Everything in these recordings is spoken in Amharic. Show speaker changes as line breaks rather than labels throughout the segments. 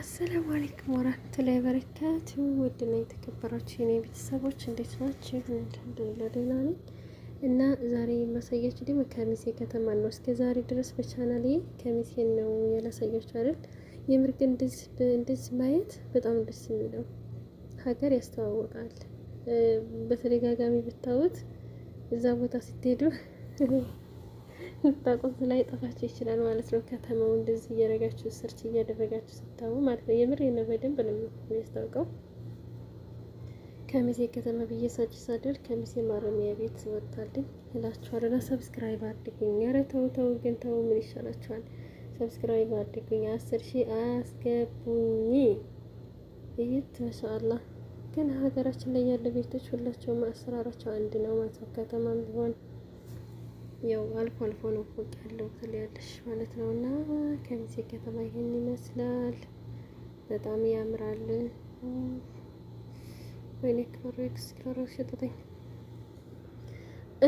አሰላሙ አለይኩም ወራህመቱላሂ ወበረካቱ። ውድና የተከበራችሁ የኔ ቤተሰቦች እንዴት ናችሁ? አልሐምዱሊላህ ደህና ነኝ እና ዛሬ የማሳያችሁ ደግሞ ከሚሴ ከተማ ነው። እስከ ዛሬ ድረስ በቻናሌ ከሚሴ ነው ያላሳያችሁ አይደል? የምርግ እንደዚህ ማየት በጣም ደስ የሚለው ሀገር ያስተዋውቃል። በተደጋጋሚ ብታዩት እዛ ቦታ ስትሄዱ በቁም ላይ ጠፋቸው ይችላል ማለት ነው። ከተማው እንደዚህ እያደረጋችሁ ሰርች እያደረጋችሁ ስታዩ ማለት ነው። የምር ነው፣ በደንብ ነው የሚያስታውቀው። ከሚሴ ከተማ ብዬ ሳጭ ሳደር ከሚሴ ማረሚያ ቤት ወጣልኝ እላችኋለሁ። ሰብስክራይብ አድርጉኝ። ኧረ ተው ተው ግን ተው፣ ምን ይሻላችኋል? ሰብስክራይብ አድርጉኝ፣ አስር ሺህ አስገቡኝ። ይህት ማሻአላህ ግን ሀገራችን ላይ ያለ ቤቶች ሁላቸውም አሰራራቸው አንድ ነው ማለት ነው። ከተማም ቢሆን ያው አልፎ አልፎ ነው ፎቅ ያለው ትለያለሽ ማለት ነው። እና ከሚሴ ከተማ ይሄን ይመስላል። በጣም ያምራል። ወይኔ ክሎሮክስ ክሎሮክስ ሸጠተኝ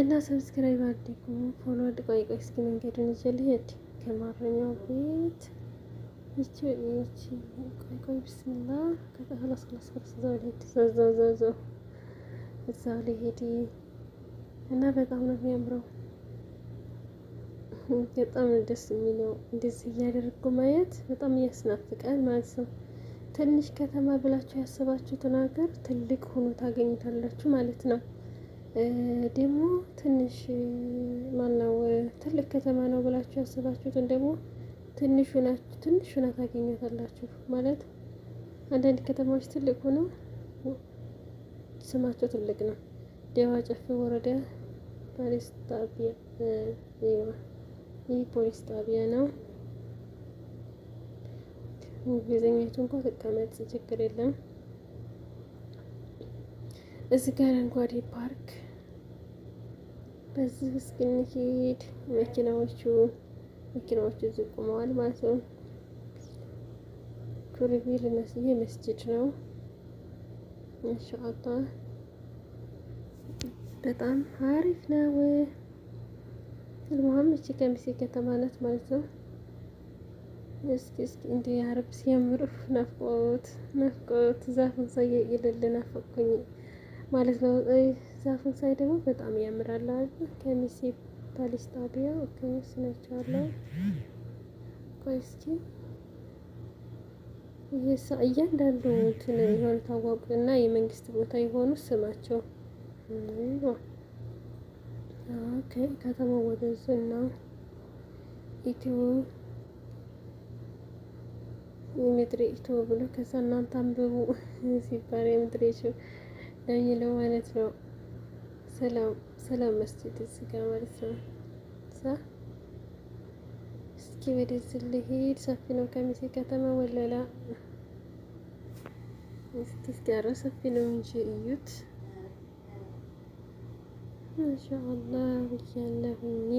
እና ሰብስክራይብ አድርጉ፣ ፎሎ አድርጉ። ቆይ ቆይ እስኪ መንገዱን ይዤ ከማረኛው ቤት ይቺ ይቺ ቆይ ቆይ ብስሚላ ከተህላስ ክላስ ክላስ ዘው ልሄድ ዘው ዘው ዘው እዛው ልሄድ እና በጣም ነው የሚያምረው በጣም ደስ የሚለው እንደዚህ እያደረጉ ማየት በጣም ያስናፍቃል ማለት ነው። ትንሽ ከተማ ብላችሁ ያሰባችሁትን ሀገር ትልቅ ሆኖ ታገኝታላችሁ ማለት ነው። ደግሞ ትንሽ ማነው ትልቅ ከተማ ነው ብላችሁ ያሰባችሁትን ደግሞ ትንሽ ሆናችሁ ትንሽ ሆና ታገኙታላችሁ ማለት አንዳንድ ከተማዎች ትልቅ ሆኖ ስማቸው ትልቅ ነው። ደዋ ጨፌ ወረዳ ፓሪስ ጣቢያ ይህ ፖሊስ ጣቢያ ነው። እንግሊዝኛቱ እንኳ ስታመጥ ችግር የለም። እዚህ ጋር አረንጓዴ ፓርክ፣ በዚህ እስክንሄድ መኪናዎቹ መኪናዎቹ እዚህ ቆመዋል ማለት ነው። ቱሪቪል መስዬ መስጅድ ነው። ኢንሻአላህ በጣም አሪፍ ነው። አል እቺ ከሚሴ ከተማ ናት ማለት ነው። እስኪ እስኪ እንደ የአረብ ሲያምር ናፍቆት ናፍቆት ዛፉን ሳይ የሌለ ናፈቅኩኝ ማለት ነው። ዛፉን ሳይ ደግሞ በጣም ያምራል። ከሚሴ ፓሊስ ጣቢያ ኦኬስ ናቸዋለሁ። ቆይ እስኪ እያንዳንዱ እንትን የሆነ ታዋቁና የመንግስት ቦታ የሆኑ ስማቸው ከተማ ወደ እና ኢትዮ የምድሬ ኢትዮ ብሎ ከዛ እናንተ አንብቡ ሲባል የምድሬ ኢትዮ የሚለው ማለት ነው። ሰላም መስጂድ እዚህ ጋር ማለት ነው። እስኪ ወደ ዝልሄድ ሰፊ ነው ከሚሴ ከተማ ወለላ እስኪ እስኪ ኧረ ሰፊ ነው እንጂ እዩት። ማሻአላህ ብያለሁኝ።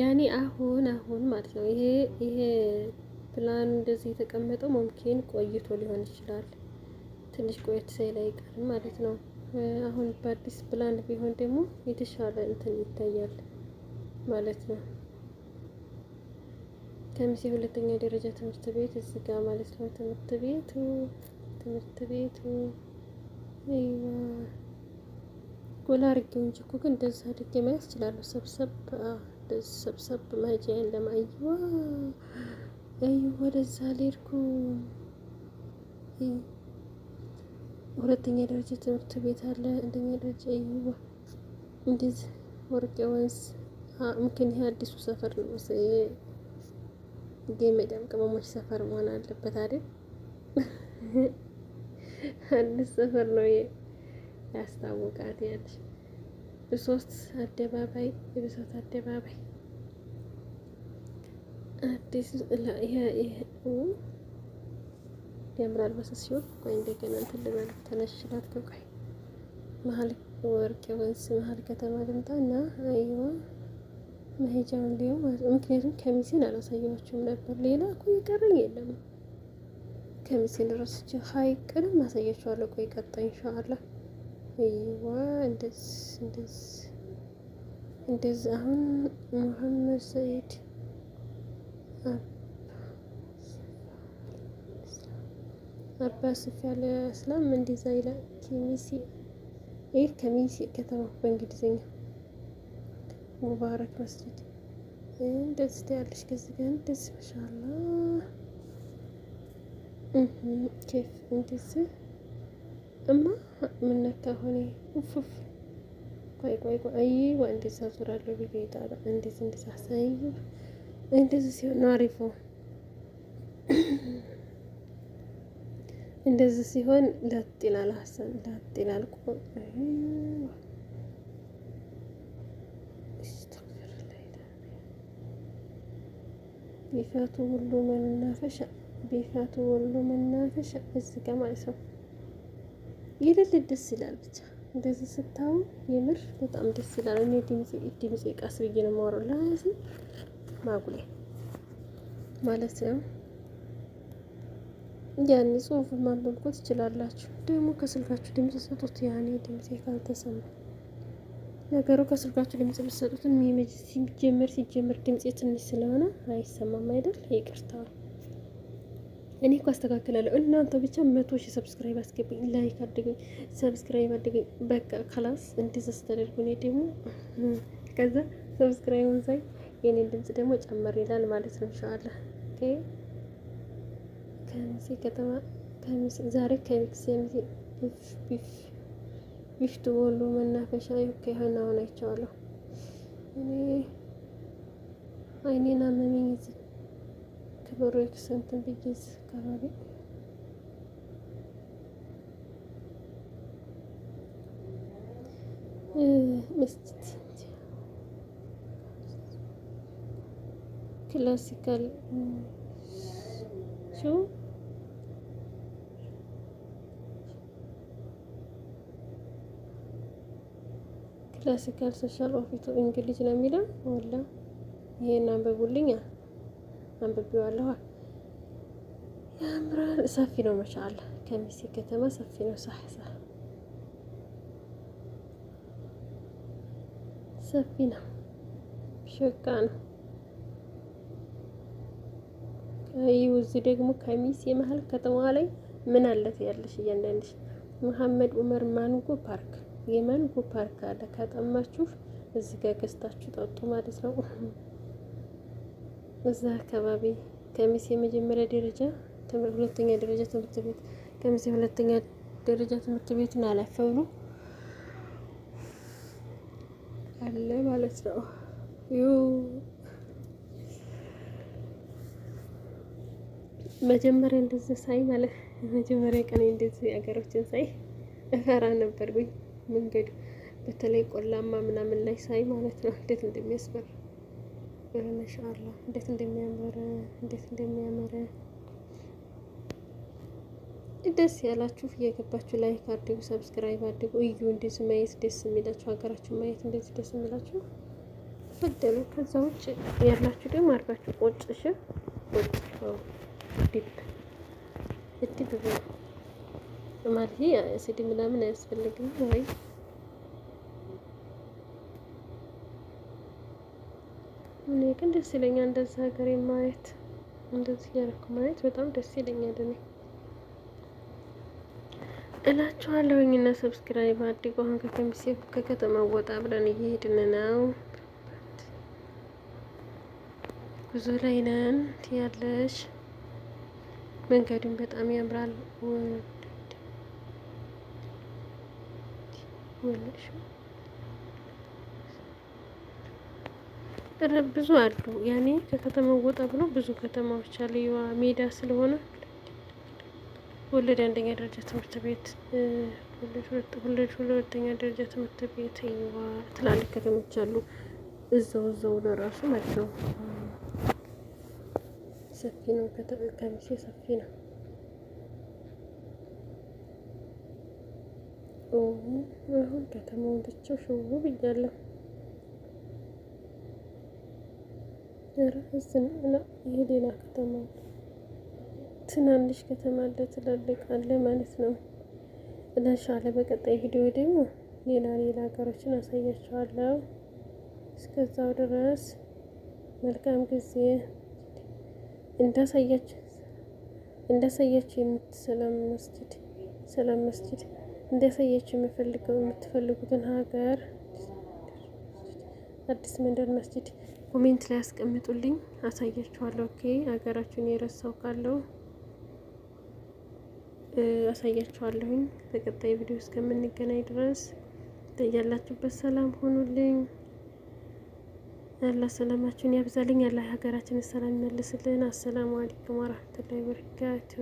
ያኔ አሁን አሁን ማለት ነው ይሄ ይሄ ፕላኑ እንደዚህ የተቀመጠው ሙምኪን ቆይቶ ሊሆን ይችላል። ትንሽ ቆየት ሳይል አይቀርም ማለት ነው። አሁን በአዲስ ፕላን ቢሆን ደግሞ የተሻለ እንትን ይታያል ማለት ነው። ከሚሴ ሁለተኛ ደረጃ ትምህርት ቤት እዚህ ጋ ማለት ነው። ትምህርት ቤቱ ትምህርት ቤቱ ጎላ አድርጌው እንጂ እኮ ግን እንደዚህ አድርጌ መያዝ እችላለሁ። ሰብሰብ እንደዚህ ሰብሰብ መሄጃዬን ለማየዋ እዩ ወደዛ ሌድኩ። ሁለተኛ ደረጃ ትምህርት ቤት አለ። አንደኛ ደረጃ እዩ እንደዚህ ወርቄ ወንዝ ምክን ይሄ አዲሱ ሰፈር ነው መሰለኝ። ጌ መዳም ቅመሞች ሰፈር መሆን አለበት አይደል? አዲስ ሰፈር ነው ያስታወቃት ያለች ብሶት አደባባይ የብሶት አደባባይ አዲስ ያምራል። በሰስ ሲሆን ቆይ እንደገና እንትን ልበል ተነሽላት ከቆይ መሀል ወርቅ ወንዝ መሀል ከተማ ልምጣ እና አይዋ መሄጃውን ሊሆን ምክንያቱም ከሚዜን አላሳየኋቸውም ነበር። ሌላ እኮ የቀረኝ የለም። እስከምስል ድረስ እጅ ሀይ ቅድም አሳያችኋለሁ። ቆይ ቀጣይ እንሻአላ ይዋ እንደዚ እንደዚ እንደዚ። አሁን መሐመድ ሰይድ አባስ ያለ እስላም እንዲዛ ይላል። ከሚሲ ይህ ከሚሲ ከተማ በእንግሊዝኛ ሙባረክ መስጊድ እንደዚህ ታያለሽ። ከዚህ ጋር እንደዚህ ማሻአላ ኬፍ እንደዚህ እማ ምነካ ሆኔ ውፍፍ ቆይ ቆይ ቆይ አይ ወይ እንደዛ ዞራለሁ ብዬ ይጣላ እንደዚህ እንደዛ ሳይዩ እንደዚህ ሲሆን ነው አሪፉ። እንደዚህ ሲሆን ለጥ ይላል ሀሳብ ለጥ ይላል ቆ ይፈቱ ሁሉ መናፈሻ ቤካቱ ወሎ መናፈሻ እዚህ ጋር ማለት ነው። ይልል ደስ ይላል። ብቻ እንደዚህ ስታዩ የምር በጣም ደስ ይላል። እኔ ድምጼ ቀስ ብዬ ነው የማወራው። ለዚህ ማጉሌ ማለት ነው። ያኔ ጽሁፍ ማንበብ ትችላላችሁ። ደግሞ ከስልካችሁ ድምጽ ሰጡት። ያኔ ድምጼ ካልተሰማ ነገሩ ከስልካችሁ ድምጽ ብትሰጡትም ሲጀምር ሲጀምር ድምጼ ትንሽ ስለሆነ አይሰማም አይደል? ይቅርታዋል እኔ እኮ አስተካክላለሁ። እናንተ ብቻ መቶ ሺህ ሰብስክራይብ አስገብኝ፣ ላይክ አድርገኝ፣ ሰብስክራይብ አድርገኝ። በቃ ከላስ እንደዛ ስታደርጉ እኔ ደግሞ ከዛ ሰብስክራይቡን ሳይ የኔን ድምፅ ደግሞ ጨመር ይላል ማለት ነው። እንሻአላ ከሚሴ ከተማ ከሚሴ ዛሬ ከሚሴ ቢፍቱ ወሎ መናፈሻ ከሆነ አሁን አይቼዋለሁ። አይኔን አመመኝ። ብሩ ኤክሰንትን ብዬዝ አካባቢ ክላሲካል ሾው ክላሲካል ሶሻል ኦፊቱ እንግሊዝ ነው የሚለው ወላ ይሄን አንብቡልኛ። አንብቤዋለሁ። ያምራል። ሰፊ ነው መሻል ከሚሴ ከተማ ሰፊ ነው። ሳሳ ሰፊ ነው፣ ሸካ ነው። ይኸው እዚህ ደግሞ ከሚሴ መሀል ከተማዋ ላይ ምን አለት ያለሽ እያንዳንድሽ መሐመድ ኡመር ማንጎ ፓርክ የማንጎ ፓርክ አለ። ከጠማችሁ እዚህ ጋር ገዝታችሁ ጠጡ ማለት ነው። እዛ አካባቢ ከሚሴ የመጀመሪያ ደረጃ ሁለተኛ ደረጃ ትምህርት ቤት ከሚሴ ሁለተኛ ደረጃ ትምህርት ቤትን አለፈ ብሎ አለ ማለት ነው። መጀመሪያ እንደዚህ ሳይ ማለት መጀመሪያ ቀን እንደዚህ ሀገሮችን ሳይ እፈራ ነበር። መንገዱ በተለይ ቆላማ ምናምን ላይ ሳይ ማለት ነው እንዴት እንደሚያስፈራ ማሻአላ እንዴት እንደሚያምር እንዴት እንደሚያምር ደስ ያላችሁ እየገባችሁ ላይክ አድርጉ፣ ሰብስክራይብ አድርጉ። እዩ እንደዚህ ማየት ደስ የሚላችሁ ሀገራችሁ ማየት እንደዚህ ደስ የሚላችሁ ፈደሉ። ከዛ ውጭ ያላችሁ ደግሞ አድርጋችሁ ቁጭ ሽ ቁጭ ዲብ እዲብ ማለት ስድ ምናምን አያስፈልግም ወይ ግን ደስ ይለኛል እንደዚህ ሀገሬ ማየት እንደዚህ እያደረኩ ማየት በጣም ደስ ይለኛል። እኔ እላችኋለሁኝ እና ሰብስክራይብ አድርጉ። አሁን ከከሚሴ ከከተማ ወጣ ብለን እየሄድን ነው። ጉዞ ላይ ነን ያለሽ። መንገዱን በጣም ያምራል። ወለሽ ብዙ አሉ። ያኔ ከከተማው ወጣ ብሎ ብዙ ከተማዎች አለ። የዋ ሜዳ ስለሆነ ወለድ አንደኛ ደረጃ ትምህርት ቤት፣ ወለድ ሁለተኛ ደረጃ ትምህርት ቤት፣ የዋ ትላልቅ ከተሞች አሉ። እዛው እዛው ለራሱ ማለት ሰፊ ነው። ከሚሴ ሰፊ ነው። አሁን ከተማውን ብቻ ሽው ብያለሁ። ራስ ይሄ ሌላ ከተማ ትናንሽ ከተማ አለ፣ ትላልቅ አለ ማለት ነው። ለሻለ በቀጣይ ቪዲዮ ደግሞ ሌላ ሌላ ሀገሮችን አሳያችኋለሁ። እስከዛው ድረስ መልካም ጊዜ። እንዳሳያችሁ እንዳሳያችሁ የምትሰላም መስጂድ ሰላም መስጂድ እንዳሳያችሁ የምፈልገው የምትፈልጉትን ሀገር አዲስ መንደር መስጂድ ኮሜንት ላይ አስቀምጡልኝ አሳያችኋለሁ። ኦኬ ሀገራችሁን የረሳው ካለው አሳያችኋለሁኝ። በቀጣይ ቪዲዮ እስከምንገናኝ ድረስ ያላችሁበት ሰላም ሆኑልኝ። አላህ ሰላማችሁን ያብዛልኝ። አላህ ሀገራችን ሰላም ይመልስልን። አሰላሙ አለይኩም ወረህመቱላሂ ወበረካቱ